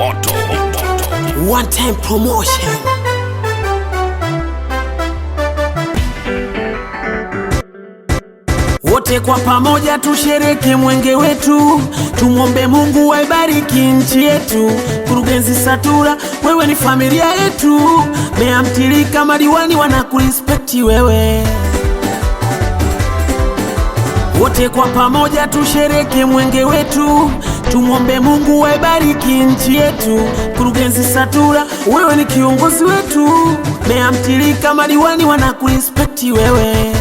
moto. One time promotion. Wote kwa pamoja tushereke mwenge wetu, tumwombe Mungu aibariki nchi yetu. Mkurugenzi Satura, wewe ni familia yetu. Meya Mtilika, madiwani wanakurespekti wewe wote kwa pamoja tushereke mwenge wetu, Tumwombe Mungu aibariki nchi yetu. Mkurugenzi Satura, wewe ni kiongozi wetu. Meya Mtilika, madiwani wanakurespekti wewe.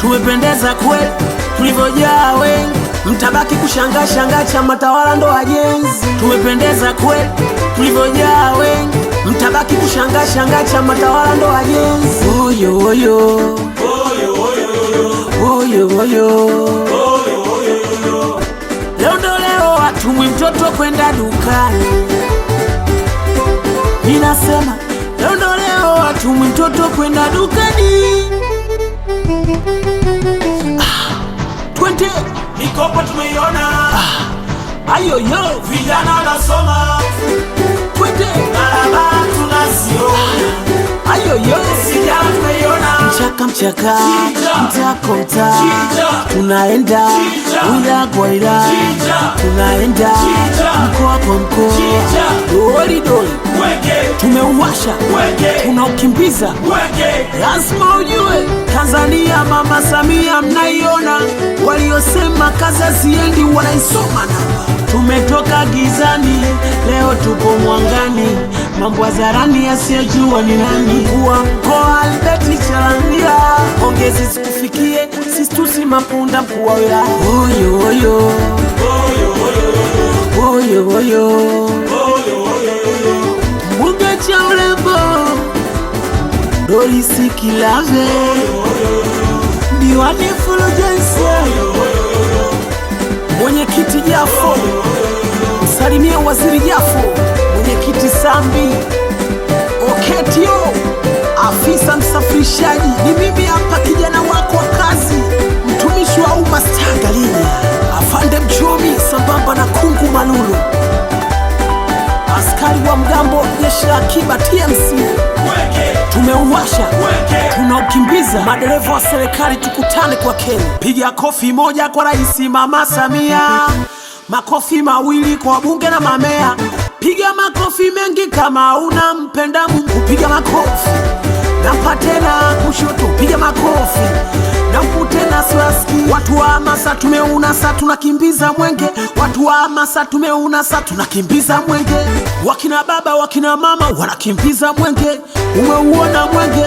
Tumependeza kweli, tulivyojaa wengi, mtabaki kushangaa shangaa, chama tawala ndo wajenzi. Tumependeza kweli, tulivyojaa wengi, mtabaki kushangaa shangaa, chama tawala ndo wajenzi. Oyo oyo oyo oyo oyo oyo tumwe mtoto kwenda dukani, ninasema leo, Tumwi mtoto kwenda dukani, ah, twende mikopo tumeiona, ah, ayoyo vijana nasoma mchaka mtako mta tunaenda wila kwa wila tunaenda mkoa kwa mkoa doli tumeuwasha tunaukimbiza, lazima ujue Tanzania. Mama Samia mnaiona, waliosema kazi haziendi wanaisoma na Tumetoka gizani, leo tupo mwangani mambo hadharani asiyejua ni nani. Mkoa Albert Chalamila, ongezi zikufikie sisi tusi mapunda, mkuu wila wilaya oyo oyo oyo oyo mbunge cha urembo Dorisi Kilave, diwani Fulgence, mwenyekiti Jafo, msalimie waziri Jafo dhambi. Oketio, afisa msafirishaji, ni mimi hapa, kijana wako wa kazi, mtumishi wa umma Stagalinya, afande mchumi sambamba na kungu Malulu, askari wa mgambo, jeshi la akiba TMC. Tumeuwasha, tunaukimbiza madereva wa serikali, tukutane kwa Kenya. Piga kofi moja kwa Rais Mama Samia, makofi mawili kwa wabunge na mamea. Piga makofi mengi kama unampenda Mungu, piga makofi patena kushoto, piga makofi mputena swaski. Watu wa hamasa tumeunasa, tunakimbiza mwenge. Watu wa hamasa tumeunasa, tunakimbiza mwenge. Wakina baba wakina mama wanakimbiza mwenge, umeuona mwenge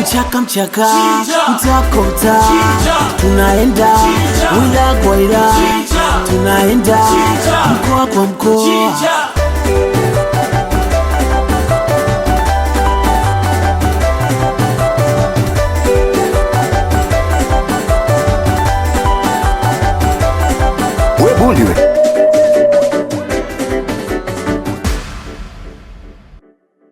mchaka mchaka, mtakota, tunaenda wila kwa wila, tunaenda mkoa kwa mkoa.